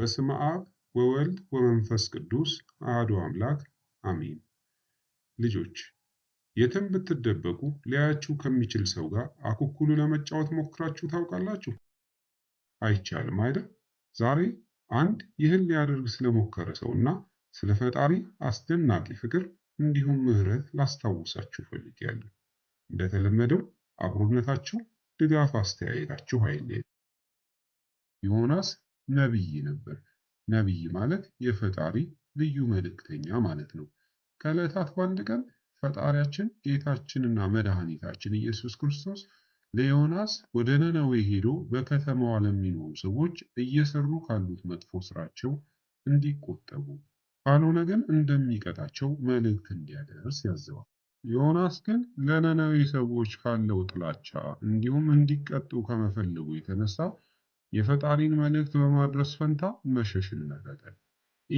በስመ አብ ወወልድ ወመንፈስ ቅዱስ አሐዱ አምላክ አሜን። ልጆች የትም ብትደበቁ ሊያያችሁ ከሚችል ሰው ጋር አኩኩሉ ለመጫወት ሞክራችሁ ታውቃላችሁ? አይቻልም አይደል? ዛሬ አንድ ይህን ሊያደርግ ስለሞከረ ሰው እና ስለ ፈጣሪ አስደናቂ ፍቅር እንዲሁም ምሕረት ላስታውሳችሁ ፈልጌያለሁ። እንደተለመደው አብሮነታችሁ፣ ድጋፍ፣ አስተያየታችሁ አይለየን። ዮናስ ነቢይ ነበር። ነቢይ ማለት የፈጣሪ ልዩ መልእክተኛ ማለት ነው። ከዕለታት በአንድ ቀን ፈጣሪያችን ጌታችንና መድኃኒታችን ኢየሱስ ክርስቶስ ለዮናስ ወደ ነነዌ ሄዶ በከተማዋ ለሚኖሩ ሰዎች እየሰሩ ካሉት መጥፎ ስራቸው እንዲቆጠቡ ካልሆነ ግን እንደሚቀጣቸው መልእክት እንዲያደርስ ያዘዋል። ዮናስ ግን ለነነዌ ሰዎች ካለው ጥላቻ እንዲሁም እንዲቀጡ ከመፈለጉ የተነሳ የፈጣሪን መልእክት በማድረስ ፈንታ መሸሽን መረጠ።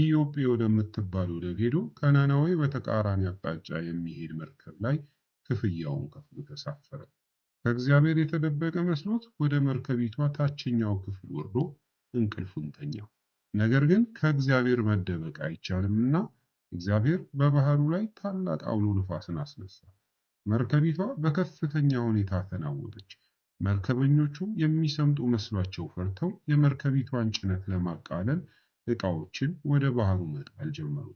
ኢዮጴ ወደምትባል ወደብ ሄዶ ከነነዌ በተቃራኒ አቅጣጫ የሚሄድ መርከብ ላይ ክፍያውን ከፍሎ ተሳፈረ። ከእግዚአብሔር የተደበቀ መስሎት ወደ መርከቢቷ ታችኛው ክፍል ወርዶ እንቅልፉን ተኛው። ነገር ግን ከእግዚአብሔር መደበቅ አይቻልምና እግዚአብሔር በባህሩ ላይ ታላቅ አውሎ ንፋስን አስነሳ። መርከቢቷ በከፍተኛ ሁኔታ ተናወጠች። መርከበኞቹ የሚሰምጡ መስሏቸው ፈርተው የመርከቢቷን ጭነት ለማቃለል ዕቃዎችን ወደ ባህሩ መጣል ጀመሩ።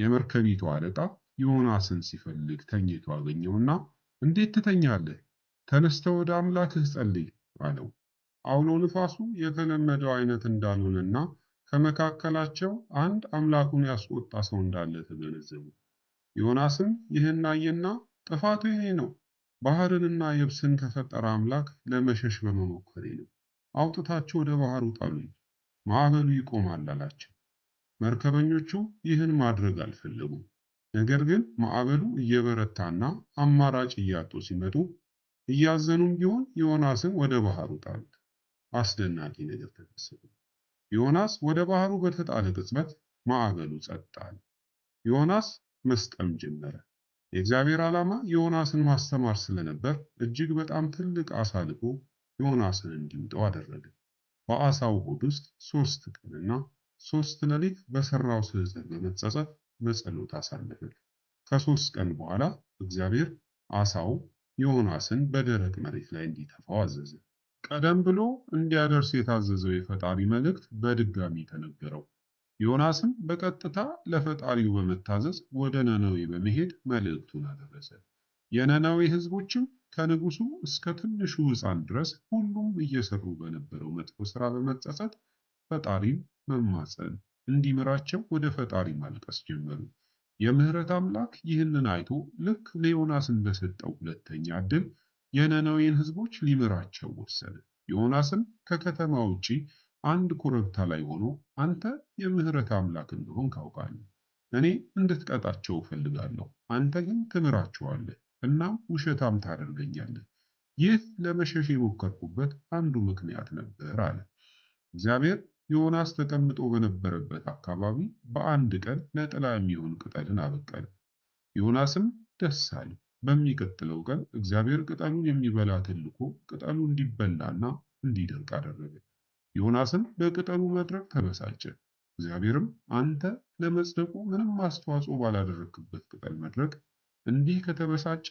የመርከቢቷ አለቃ ዮናስን ሲፈልግ ተኝቶ አገኘውና እንዴት ትተኛለህ? ተነስተ ወደ አምላክህ ጸልይ አለው። አውሎ ንፋሱ የተለመደው አይነት እንዳልሆነና ከመካከላቸው አንድ አምላኩን ያስቆጣ ሰው እንዳለ ተገነዘቡ። ዮናስም ይህን አየና ጥፋቱ ይሄ ነው ባህርንና የብስን ከፈጠረ አምላክ ለመሸሽ በመሞከሬ ነው። አውጥታችሁ ወደ ባህሩ ጣሉኝ፣ ማዕበሉ ይቆማል አላቸው። መርከበኞቹ ይህን ማድረግ አልፈለጉም። ነገር ግን ማዕበሉ እየበረታና አማራጭ እያጡ ሲመጡ እያዘኑም ቢሆን ዮናስን ወደ ባህሩ ጣሉት። አስደናቂ ነገር ተከሰተ። ዮናስ ወደ ባህሩ በተጣለ ቅጽበት ማዕበሉ ጸጥ አለ። ዮናስ መስጠም ጀመረ። የእግዚአብሔር ዓላማ ዮናስን ማስተማር ስለነበር እጅግ በጣም ትልቅ ዓሣ ልቆ ዮናስን እንዲውጠው አደረገ። በአሳው ሆድ ውስጥ ሶስት ቀንና ሶስት ሌሊት በሰራው ስህተት በመጸጸት በጸሎት አሳለፈ። ከሶስት ቀን በኋላ እግዚአብሔር አሳው ዮናስን በደረቅ መሬት ላይ እንዲተፋው አዘዘ። ቀደም ብሎ እንዲያደርስ የታዘዘው የፈጣሪ መልእክት በድጋሚ ተነገረው። ዮናስም በቀጥታ ለፈጣሪው በመታዘዝ ወደ ነነዌ በመሄድ መልእክቱን አደረሰ። የነነዌ ሕዝቦችም ከንጉሱ እስከ ትንሹ ሕፃን ድረስ ሁሉም እየሰሩ በነበረው መጥፎ ሥራ በመጸጸት ፈጣሪን መማፀን እንዲምራቸው ወደ ፈጣሪ ማልቀስ ጀመሩ። የምህረት አምላክ ይህንን አይቶ ልክ ለዮናስ እንደሰጠው ሁለተኛ ዕድል የነነዌን ሕዝቦች ሊምራቸው ወሰነ። ዮናስም ከከተማ ውጪ አንድ ኮረብታ ላይ ሆኖ አንተ የምህረት አምላክ እንደሆን ካውቃለሁ። እኔ እንድትቀጣቸው እፈልጋለሁ፣ አንተ ግን ትምራቸዋለህ፣ እናም ውሸታም ታደርገኛለህ። ይህ ለመሸሽ የሞከርኩበት አንዱ ምክንያት ነበር አለ። እግዚአብሔር ዮናስ ተቀምጦ በነበረበት አካባቢ በአንድ ቀን ለጥላ የሚሆን ቅጠልን አበቀለ። ዮናስም ደስ አለ። በሚቀጥለው ቀን እግዚአብሔር ቅጠሉን የሚበላ ትልኮ ቅጠሉ እንዲበላና እንዲደርቅ አደረገ። ዮናስም በቅጠሉ መድረቅ ተበሳጨ። እግዚአብሔርም አንተ ለመጽደቁ ምንም አስተዋጽኦ ባላደረክበት ቅጠል መድረቅ እንዲህ ከተበሳጨ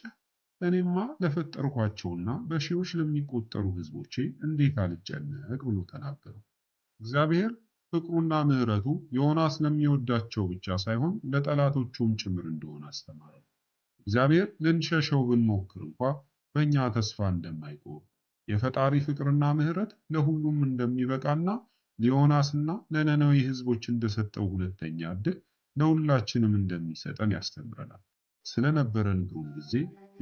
እኔማ ለፈጠርኳቸውና በሺዎች ለሚቆጠሩ ሕዝቦቼ እንዴት አልጨነቅ ብሎ ተናገረው። እግዚአብሔር ፍቅሩና ምሕረቱ ዮናስ ለሚወዳቸው ብቻ ሳይሆን ለጠላቶቹም ጭምር እንደሆነ አስተማረው። እግዚአብሔር ልንሸሸው ብንሞክር እንኳ በእኛ ተስፋ እንደማይቆም የፈጣሪ ፍቅርና ምሕረት ለሁሉም እንደሚበቃና ሊዮናስና ለነነዌ ሕዝቦች እንደሰጠው ሁለተኛ ዕድል ለሁላችንም እንደሚሰጠን ያስተምረናል። ስለነበረን ግሩም ጊዜ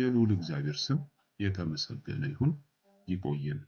የልዑል እግዚአብሔር ስም የተመሰገነ ይሁን። ይቆየን።